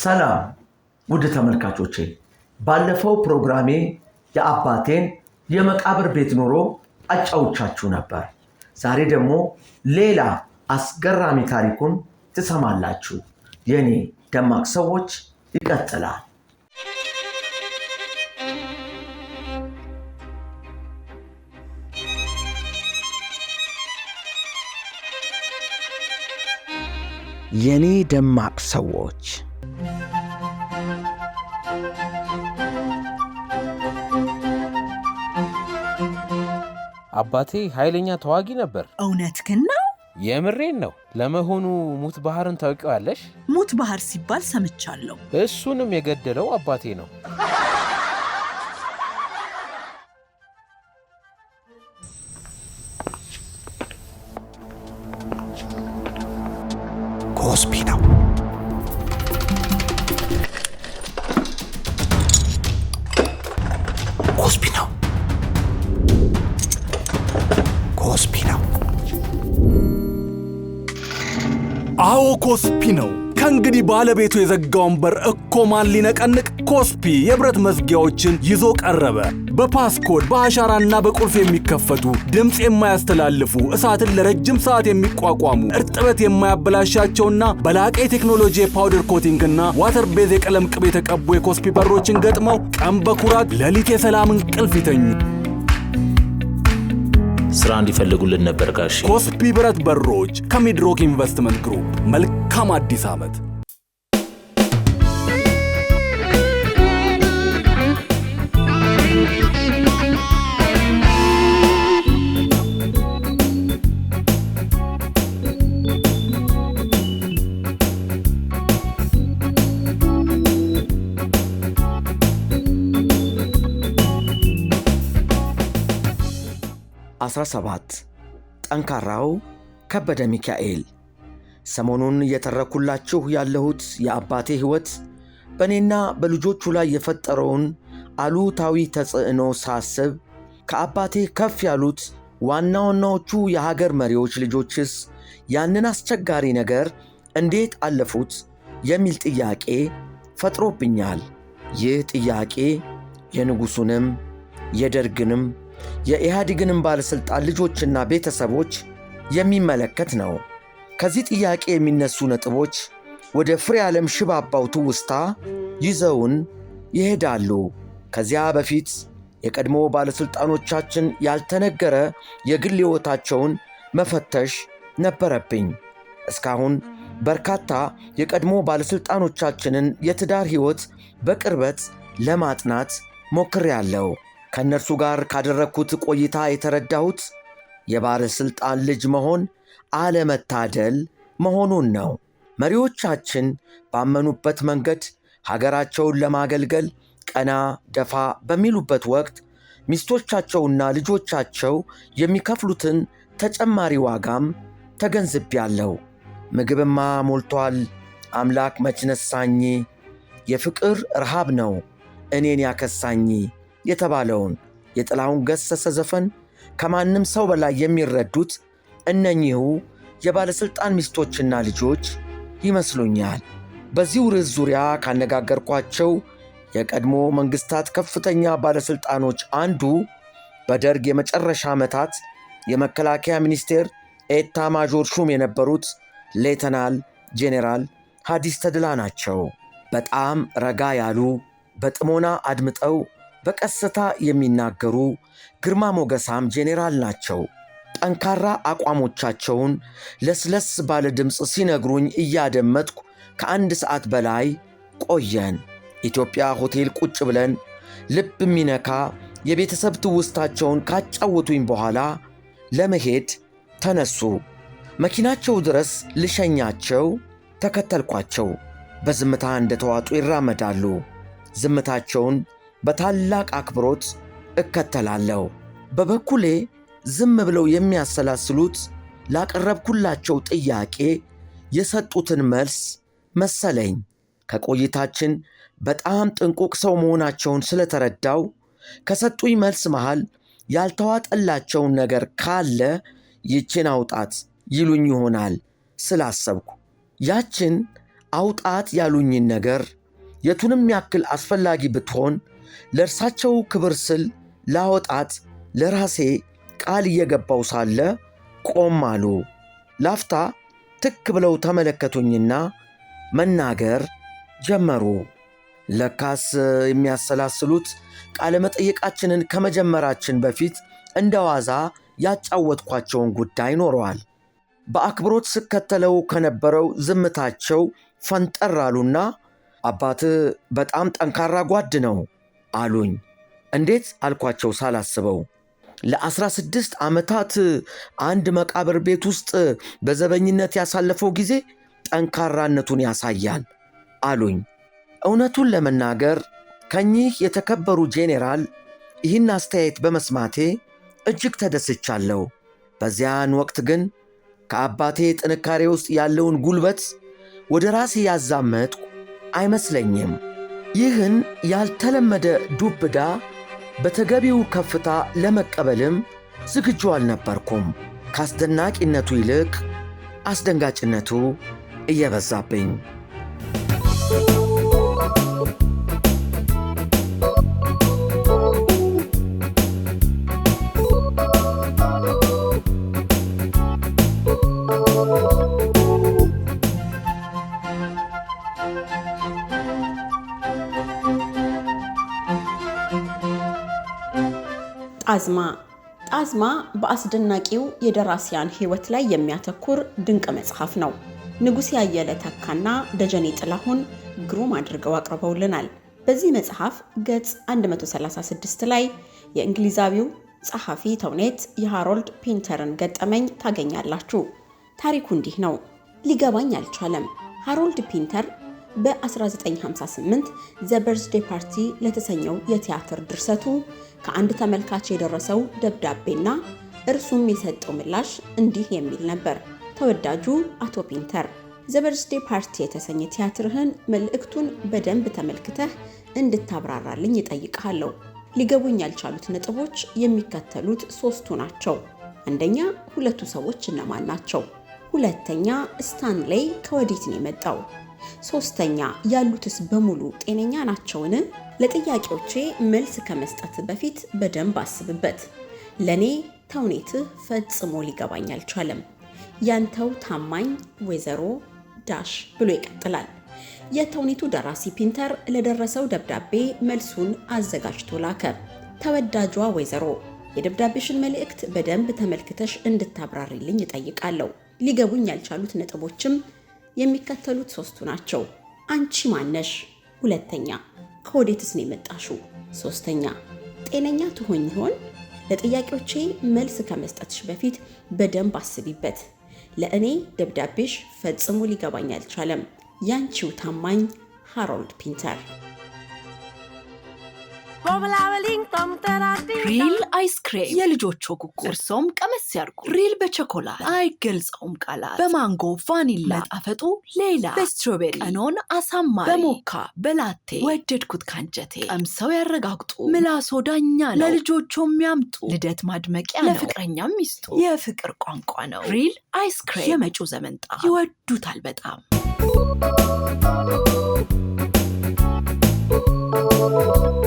ሰላም ውድ ተመልካቾቼ፣ ባለፈው ፕሮግራሜ የአባቴን የመቃብር ቤት ኑሮ አጫውቻችሁ ነበር። ዛሬ ደግሞ ሌላ አስገራሚ ታሪኩን ትሰማላችሁ። የኔ ደማቅ ሰዎች ይቀጥላል። የኔ ደማቅ ሰዎች አባቴ ኃይለኛ ተዋጊ ነበር። እውነትህን ነው? የምሬን ነው። ለመሆኑ ሙት ባህርን ታውቂዋለሽ? ሙት ባህር ሲባል ሰምቻለሁ። እሱንም የገደለው አባቴ ነው። አዎ ኮስፒ ነው። ከእንግዲህ ባለቤቱ የዘጋውን በር እኮ ማን ሊነቀንቅ? ኮስፒ የብረት መዝጊያዎችን ይዞ ቀረበ። በፓስኮድ በአሻራና በቁልፍ የሚከፈቱ ድምፅ የማያስተላልፉ እሳትን ለረጅም ሰዓት የሚቋቋሙ እርጥበት የማያበላሻቸውና በላቀ የቴክኖሎጂ የፓውደር ኮቲንግና ዋተር ቤዝ የቀለም ቅብ የተቀቡ የኮስፒ በሮችን ገጥመው ቀን በኩራት ሌሊት የሰላም እንቅልፍ ይተኙ። ስራ እንዲፈልጉልን ነበር ጋሽ። ኮስፒ ብረት በሮች ከሚድሮክ ኢንቨስትመንት ግሩፕ። መልካም አዲስ ዓመት። 17 ጠንካራው ከበደ ሚካኤል። ሰሞኑን እየተረኩላችሁ ያለሁት የአባቴ ሕይወት በእኔና በልጆቹ ላይ የፈጠረውን አሉታዊ ተጽዕኖ ሳስብ ከአባቴ ከፍ ያሉት ዋና ዋናዎቹ የሀገር መሪዎች ልጆችስ ያንን አስቸጋሪ ነገር እንዴት አለፉት የሚል ጥያቄ ፈጥሮብኛል። ይህ ጥያቄ የንጉሡንም የደርግንም የኢህአዴግንም ባለሥልጣን ልጆችና ቤተሰቦች የሚመለከት ነው። ከዚህ ጥያቄ የሚነሱ ነጥቦች ወደ ፍሬ ዓለም ሽባባው ትውስታ ይዘውን ይሄዳሉ። ከዚያ በፊት የቀድሞ ባለሥልጣኖቻችን ያልተነገረ የግል ሕይወታቸውን መፈተሽ ነበረብኝ። እስካሁን በርካታ የቀድሞ ባለሥልጣኖቻችንን የትዳር ሕይወት በቅርበት ለማጥናት ያለው። ከእነርሱ ጋር ካደረግኩት ቆይታ የተረዳሁት የባለሥልጣን ልጅ መሆን አለመታደል መሆኑን ነው። መሪዎቻችን ባመኑበት መንገድ ሀገራቸውን ለማገልገል ቀና ደፋ በሚሉበት ወቅት ሚስቶቻቸውና ልጆቻቸው የሚከፍሉትን ተጨማሪ ዋጋም ተገንዝቤያለሁ። ምግብማ ሞልቷል፣ አምላክ መች ነሳኝ? የፍቅር ረሃብ ነው እኔን ያከሳኝ የተባለውን የጥላሁን ገሰሰ ዘፈን ከማንም ሰው በላይ የሚረዱት እነኚሁ የባለሥልጣን ሚስቶችና ልጆች ይመስሉኛል። በዚሁ ርዕስ ዙሪያ ካነጋገርኳቸው የቀድሞ መንግሥታት ከፍተኛ ባለሥልጣኖች አንዱ በደርግ የመጨረሻ ዓመታት የመከላከያ ሚኒስቴር ኤታ ማዦር ሹም የነበሩት ሌተናል ጄኔራል ሐዲስ ተድላ ናቸው። በጣም ረጋ ያሉ በጥሞና አድምጠው በቀስታ የሚናገሩ ግርማ ሞገሳም ጄኔራል ናቸው። ጠንካራ አቋሞቻቸውን ለስለስ ባለ ድምፅ ሲነግሩኝ እያደመጥኩ ከአንድ ሰዓት በላይ ቆየን። ኢትዮጵያ ሆቴል ቁጭ ብለን ልብ የሚነካ የቤተሰብ ትውስታቸውን ካጫወቱኝ በኋላ ለመሄድ ተነሱ። መኪናቸው ድረስ ልሸኛቸው ተከተልኳቸው። በዝምታ ተዋጡ ይራመዳሉ። ዝምታቸውን በታላቅ አክብሮት እከተላለሁ። በበኩሌ ዝም ብለው የሚያሰላስሉት ላቀረብኩላቸው ጥያቄ የሰጡትን መልስ መሰለኝ። ከቆይታችን በጣም ጥንቁቅ ሰው መሆናቸውን ስለተረዳው ከሰጡኝ መልስ መሃል ያልተዋጠላቸውን ነገር ካለ ይችን አውጣት ይሉኝ ይሆናል ስላሰብኩ ያችን አውጣት ያሉኝን ነገር የቱንም ያክል አስፈላጊ ብትሆን ለእርሳቸው ክብር ስል ላወጣት ለራሴ ቃል እየገባው ሳለ ቆም አሉ። ላፍታ ትክ ብለው ተመለከቱኝና መናገር ጀመሩ። ለካስ የሚያሰላስሉት ቃለ መጠየቃችንን ከመጀመራችን በፊት እንደ ዋዛ ያጫወትኳቸውን ጉዳይ ኖረዋል። በአክብሮት ስከተለው ከነበረው ዝምታቸው ፈንጠር አሉና አባትህ በጣም ጠንካራ ጓድ ነው አሉኝ። እንዴት አልኳቸው ሳላስበው። ለአስራ ስድስት ዓመታት አንድ መቃብር ቤት ውስጥ በዘበኝነት ያሳለፈው ጊዜ ጠንካራነቱን ያሳያል አሉኝ። እውነቱን ለመናገር ከኚህ የተከበሩ ጄኔራል ይህን አስተያየት በመስማቴ እጅግ ተደስቻለሁ። በዚያን ወቅት ግን ከአባቴ ጥንካሬ ውስጥ ያለውን ጉልበት ወደ ራሴ ያዛመጥኩ አይመስለኝም። ይህን ያልተለመደ ዱብ ዕዳ በተገቢው ከፍታ ለመቀበልም ዝግጁ አልነበርኩም። ከአስደናቂነቱ ይልቅ አስደንጋጭነቱ እየበዛብኝ ጣዝማ ጣዝማ በአስደናቂው የደራሲያን ሕይወት ላይ የሚያተኩር ድንቅ መጽሐፍ ነው። ንጉሴ አየለ ተካና ደጀኔ ጥላሁን ግሩም አድርገው አቅርበውልናል። በዚህ መጽሐፍ ገጽ 136 ላይ የእንግሊዛዊው ጸሐፊ ተውኔት የሃሮልድ ፒንተርን ገጠመኝ ታገኛላችሁ። ታሪኩ እንዲህ ነው። ሊገባኝ አልቻለም። ሃሮልድ ፒንተር በ1958 ዘ በርዝዴ ፓርቲ ለተሰኘው የቲያትር ድርሰቱ ከአንድ ተመልካች የደረሰው ደብዳቤና እርሱም የሰጠው ምላሽ እንዲህ የሚል ነበር። ተወዳጁ አቶ ፒንተር፣ ዘ በርዝዴ ፓርቲ የተሰኘ ቲያትርህን መልእክቱን በደንብ ተመልክተህ እንድታብራራልኝ ይጠይቃለሁ። ሊገቡኝ ያልቻሉት ነጥቦች የሚከተሉት ሶስቱ ናቸው። አንደኛ፣ ሁለቱ ሰዎች እነማን ናቸው? ሁለተኛ፣ ስታንሌይ ከወዴት ነው የመጣው? ሶስተኛ ያሉትስ በሙሉ ጤነኛ ናቸውን? ለጥያቄዎቼ መልስ ከመስጠት በፊት በደንብ አስብበት። ለኔ ተውኔትህ ፈጽሞ ሊገባኝ አልቻለም። ያንተው ታማኝ ወይዘሮ ዳሽ ብሎ ይቀጥላል። የተውኔቱ ደራሲ ፒንተር ለደረሰው ደብዳቤ መልሱን አዘጋጅቶ ላከ። ተወዳጇ ወይዘሮ የደብዳቤሽን መልእክት በደንብ ተመልክተሽ እንድታብራሪልኝ እጠይቃለሁ። ሊገቡኝ ያልቻሉት ነጥቦችም የሚከተሉት ሶስቱ ናቸው። አንቺ ማነሽ? ሁለተኛ ከወዴትስ ነው የመጣሽው? ሶስተኛ ጤነኛ ትሆኝ ይሆን? ለጥያቄዎቼ መልስ ከመስጠትሽ በፊት በደንብ አስቢበት። ለእኔ ደብዳቤሽ ፈጽሞ ሊገባኝ አልቻለም። ያንቺው ታማኝ ሃሮልድ ፒንተር ሪል አይስክሬም የልጆች ጉጉ። እርሶም ቀመስ ያርጉ። ሪል በቸኮላት አይገልጸውም ቃላት። በማንጎ ቫኒላ መጣፈጡ ሌላ፣ በስትሮቤሪ ቀኖን አሳማሪ፣ በሞካ በላቴ ወደድኩት ካንጀቴ። ቀምሰው ያረጋግጡ፣ ምላሶ ዳኛ ነው። ለልጆቹ የሚያምጡ ልደት ማድመቂያ ነው፣ ለፍቅረኛም ሚስጡ የፍቅር ቋንቋ ነው። ሪል አይስክሬም የመጪው ዘመንጣ ይወዱታል በጣም። Thank you.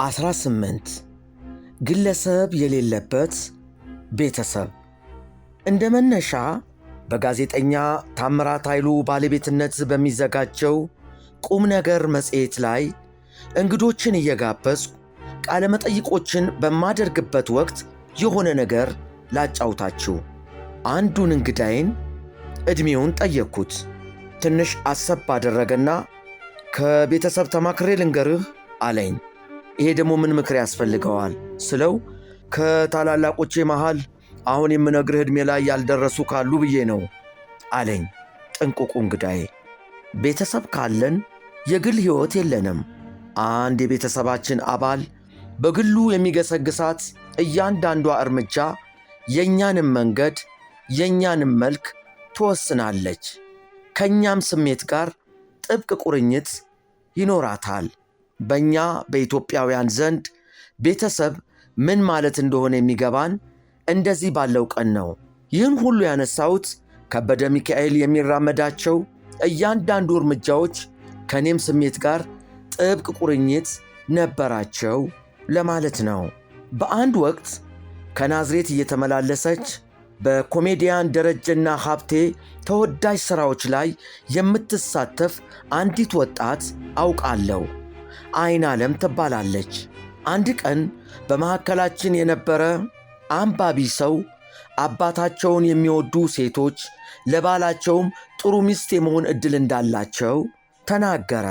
18 ግለሰብ የሌለበት ቤተሰብ እንደ መነሻ በጋዜጠኛ ታምራት ኃይሉ ባለቤትነት በሚዘጋጀው ቁም ነገር መጽሔት ላይ እንግዶችን እየጋበዝኩ ቃለመጠይቆችን በማደርግበት ወቅት የሆነ ነገር ላጫውታችሁ። አንዱን እንግዳይን ዕድሜውን ጠየቅኩት። ትንሽ አሰብ አደረገና ከቤተሰብ ተማክሬ ልንገርህ አለኝ። ይሄ ደግሞ ምን ምክር ያስፈልገዋል ስለው ከታላላቆቼ መሃል አሁን የምነግርህ ዕድሜ ላይ ያልደረሱ ካሉ ብዬ ነው አለኝ። ጥንቁቁ እንግዳዬ ቤተሰብ ካለን የግል ሕይወት የለንም። አንድ የቤተሰባችን አባል በግሉ የሚገሰግሳት እያንዳንዷ እርምጃ የእኛንም መንገድ የእኛንም መልክ ትወስናለች። ከእኛም ስሜት ጋር ጥብቅ ቁርኝት ይኖራታል። በእኛ በኢትዮጵያውያን ዘንድ ቤተሰብ ምን ማለት እንደሆነ የሚገባን እንደዚህ ባለው ቀን ነው። ይህን ሁሉ ያነሳሁት ከበደ ሚካኤል የሚራመዳቸው እያንዳንዱ እርምጃዎች ከእኔም ስሜት ጋር ጥብቅ ቁርኝት ነበራቸው ለማለት ነው። በአንድ ወቅት ከናዝሬት እየተመላለሰች በኮሜዲያን ደረጀና ሀብቴ ተወዳጅ ሥራዎች ላይ የምትሳተፍ አንዲት ወጣት አውቃለሁ። አይን ዓለም ትባላለች። አንድ ቀን በመካከላችን የነበረ አንባቢ ሰው አባታቸውን የሚወዱ ሴቶች ለባላቸውም ጥሩ ሚስት የመሆን ዕድል እንዳላቸው ተናገረ።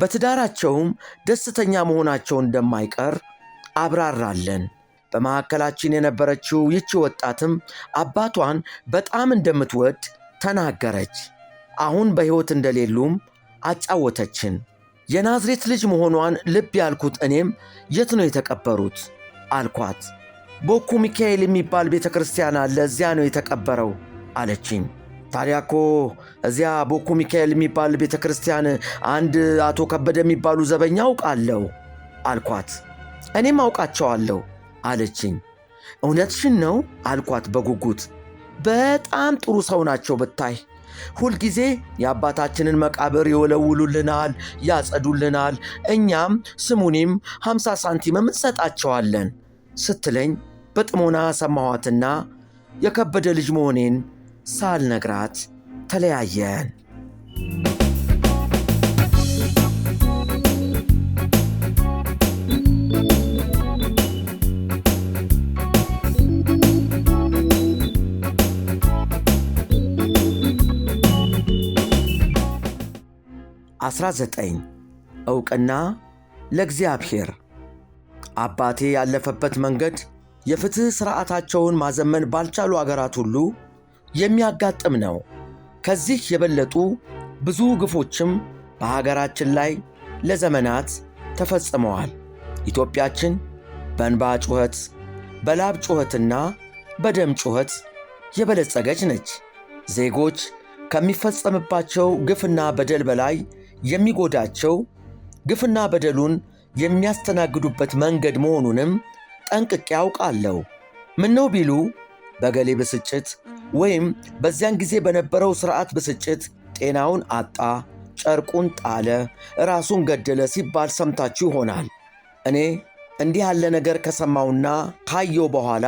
በትዳራቸውም ደስተኛ መሆናቸው እንደማይቀር አብራራለን። በመካከላችን የነበረችው ይቺ ወጣትም አባቷን በጣም እንደምትወድ ተናገረች። አሁን በሕይወት እንደሌሉም አጫወተችን። የናዝሬት ልጅ መሆኗን ልብ ያልኩት እኔም የት ነው የተቀበሩት አልኳት። ቦኩ ሚካኤል የሚባል ቤተ ክርስቲያን አለ፣ እዚያ ነው የተቀበረው አለችኝ። ታዲያ እኮ እዚያ ቦኩ ሚካኤል የሚባል ቤተ ክርስቲያን አንድ አቶ ከበደ የሚባሉ ዘበኛ አውቃለሁ አልኳት። እኔም አውቃቸዋለሁ አለችኝ። እውነትሽን ነው አልኳት በጉጉት። በጣም ጥሩ ሰው ናቸው ብታይ ሁልጊዜ የአባታችንን መቃብር ይወለውሉልናል፣ ያጸዱልናል። እኛም ስሙኒም ሀምሳ ሳንቲምም እንሰጣቸዋለን ስትለኝ በጥሞና ሰማኋትና የከበደ ልጅ መሆኔን ሳልነግራት ተለያየን። 19 ዕውቅና ለእግዚአብሔር አባቴ ያለፈበት መንገድ የፍትሕ ሥርዓታቸውን ማዘመን ባልቻሉ አገራት ሁሉ የሚያጋጥም ነው። ከዚህ የበለጡ ብዙ ግፎችም በሀገራችን ላይ ለዘመናት ተፈጽመዋል። ኢትዮጵያችን በእንባ ጩኸት፣ በላብ ጩኸትና በደም ጩኸት የበለጸገች ነች። ዜጎች ከሚፈጸምባቸው ግፍና በደል በላይ የሚጎዳቸው ግፍና በደሉን የሚያስተናግዱበት መንገድ መሆኑንም ጠንቅቄ ያውቃለሁ። ምነው ቢሉ በገሌ ብስጭት ወይም በዚያን ጊዜ በነበረው ሥርዓት ብስጭት ጤናውን አጣ፣ ጨርቁን ጣለ፣ ራሱን ገደለ ሲባል ሰምታችሁ ይሆናል። እኔ እንዲህ ያለ ነገር ከሰማውና ካየው በኋላ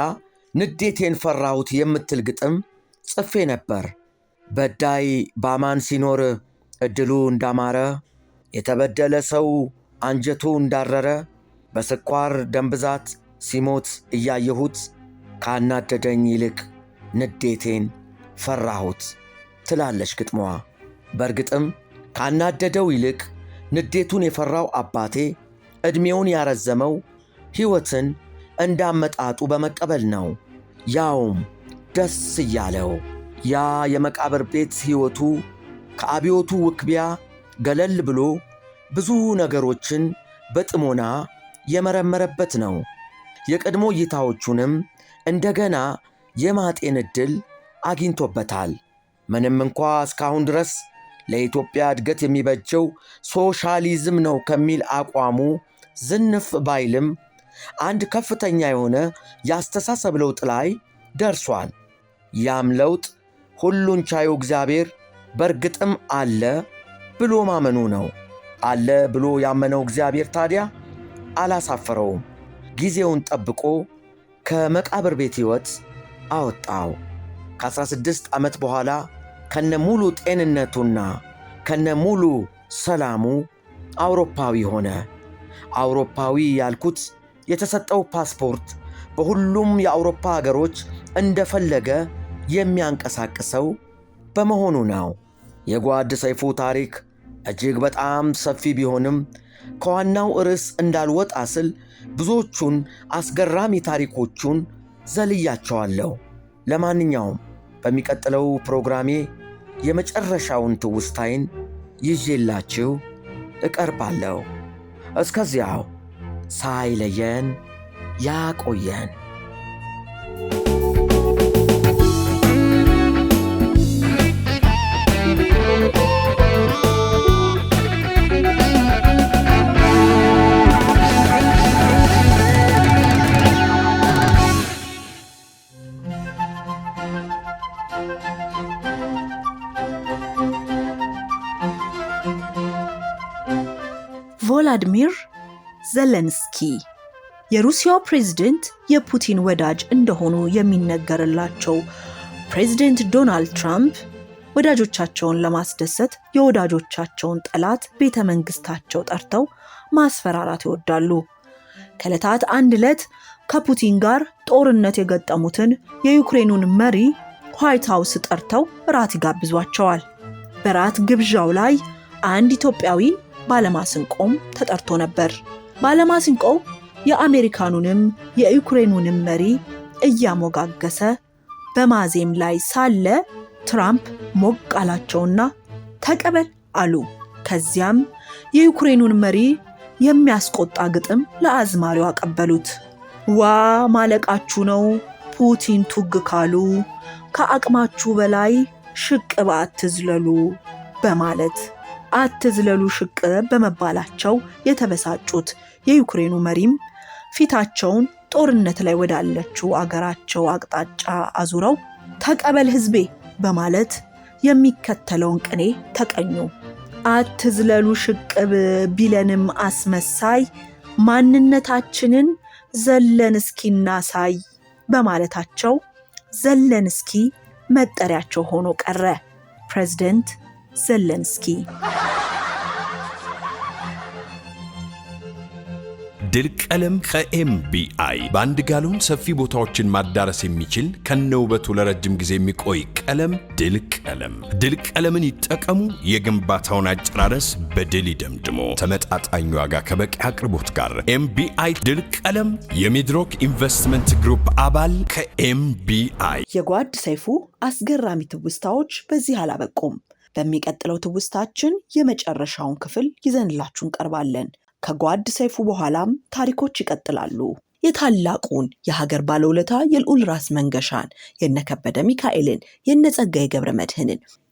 ንዴቴን ፈራሁት የምትል ግጥም ጽፌ ነበር። በዳይ ባማን ሲኖር እድሉ እንዳማረ የተበደለ ሰው አንጀቱ እንዳረረ በስኳር ደም ብዛት ሲሞት እያየሁት ካናደደኝ ይልቅ ንዴቴን ፈራሁት ትላለች ግጥሟ። በእርግጥም ካናደደው ይልቅ ንዴቱን የፈራው አባቴ ዕድሜውን ያረዘመው ሕይወትን እንዳመጣጡ በመቀበል ነው። ያውም ደስ እያለው ያ የመቃብር ቤት ሕይወቱ ከአብዮቱ ውክቢያ ገለል ብሎ ብዙ ነገሮችን በጥሞና የመረመረበት ነው። የቀድሞ እይታዎቹንም እንደገና የማጤን ዕድል አግኝቶበታል። ምንም እንኳ እስካሁን ድረስ ለኢትዮጵያ እድገት የሚበጀው ሶሻሊዝም ነው ከሚል አቋሙ ዝንፍ ባይልም አንድ ከፍተኛ የሆነ የአስተሳሰብ ለውጥ ላይ ደርሷል። ያም ለውጥ ሁሉን ቻዩ እግዚአብሔር በእርግጥም አለ ብሎ ማመኑ ነው። አለ ብሎ ያመነው እግዚአብሔር ታዲያ አላሳፈረውም። ጊዜውን ጠብቆ ከመቃብር ቤት ሕይወት አወጣው። ከ16 ዓመት በኋላ ከነ ሙሉ ጤንነቱና ከነ ሙሉ ሰላሙ አውሮፓዊ ሆነ። አውሮፓዊ ያልኩት የተሰጠው ፓስፖርት በሁሉም የአውሮፓ አገሮች እንደፈለገ የሚያንቀሳቅሰው በመሆኑ ነው። የጓድ ሰይፉ ታሪክ እጅግ በጣም ሰፊ ቢሆንም ከዋናው ርዕስ እንዳልወጣ ስል ብዙዎቹን አስገራሚ ታሪኮቹን ዘልያቸዋለሁ። ለማንኛውም በሚቀጥለው ፕሮግራሜ የመጨረሻውን ትውስታይን ይዤላችሁ እቀርባለሁ። እስከዚያው ሳይለየን ያቆየን። ቮላድሚር ዘለንስኪ የሩሲያው ፕሬዝደንት የፑቲን ወዳጅ እንደሆኑ የሚነገርላቸው ፕሬዝደንት ዶናልድ ትራምፕ ወዳጆቻቸውን ለማስደሰት የወዳጆቻቸውን ጠላት ቤተ መንግስታቸው ጠርተው ማስፈራራት ይወዳሉ። ከዕለታት አንድ ዕለት ከፑቲን ጋር ጦርነት የገጠሙትን የዩክሬኑን መሪ ዋይት ሃውስ ጠርተው ራት ይጋብዟቸዋል። በራት ግብዣው ላይ አንድ ኢትዮጵያዊ ባለማስንቆም ተጠርቶ ነበር። ባለማስንቆው የአሜሪካኑንም የዩክሬኑንም መሪ እያሞጋገሰ በማዜም ላይ ሳለ ትራምፕ ሞቅ አላቸውና ተቀበል አሉ። ከዚያም የዩክሬኑን መሪ የሚያስቆጣ ግጥም ለአዝማሪው አቀበሉት። ዋ ማለቃችሁ ነው ፑቲን ቱግ ካሉ ከአቅማችሁ በላይ ሽቅብ አትዝለሉ በማለት አትዝለሉ ሽቅብ በመባላቸው የተበሳጩት የዩክሬኑ መሪም ፊታቸውን ጦርነት ላይ ወዳለችው አገራቸው አቅጣጫ አዙረው ተቀበል ህዝቤ በማለት የሚከተለውን ቅኔ ተቀኙ። አትዝለሉ ሽቅብ ቢለንም አስመሳይ ማንነታችንን ዘለን እስኪናሳይ በማለታቸው ዘለንስኪ መጠሪያቸው ሆኖ ቀረ። ፕሬዝደንት ዘለንስኪ ድል ቀለም ከኤምቢአይ በአንድ ጋሎን ሰፊ ቦታዎችን ማዳረስ የሚችል ከነውበቱ ለረጅም ጊዜ የሚቆይ ቀለም ድል ቀለም። ድል ቀለምን ይጠቀሙ። የግንባታውን አጨራረስ በድል ይደምድሞ። ተመጣጣኝ ዋጋ ከበቂ አቅርቦት ጋር ኤምቢአይ ድል ቀለም የሚድሮክ ኢንቨስትመንት ግሩፕ አባል ከኤምቢአይ። የጓድ ሰይፉ አስገራሚ ትውስታዎች በዚህ አላበቁም። በሚቀጥለው ትውስታችን የመጨረሻውን ክፍል ይዘንላችሁ እንቀርባለን። ከጓድ ሰይፉ በኋላም ታሪኮች ይቀጥላሉ። የታላቁን የሀገር ባለውለታ የልዑል ራስ መንገሻን፣ የነ ከበደ ሚካኤልን፣ የነ ጸጋዬ ገብረ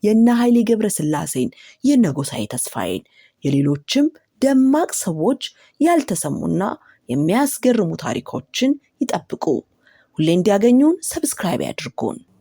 የነ ኃይሌ ገብረ ስላሴን፣ የነ ጎሳዬ ተስፋዬን፣ የሌሎችም ደማቅ ሰዎች ያልተሰሙና የሚያስገርሙ ታሪኮችን ይጠብቁ። ሁሌ እንዲያገኙን ሰብስክራይብ ያድርጉን።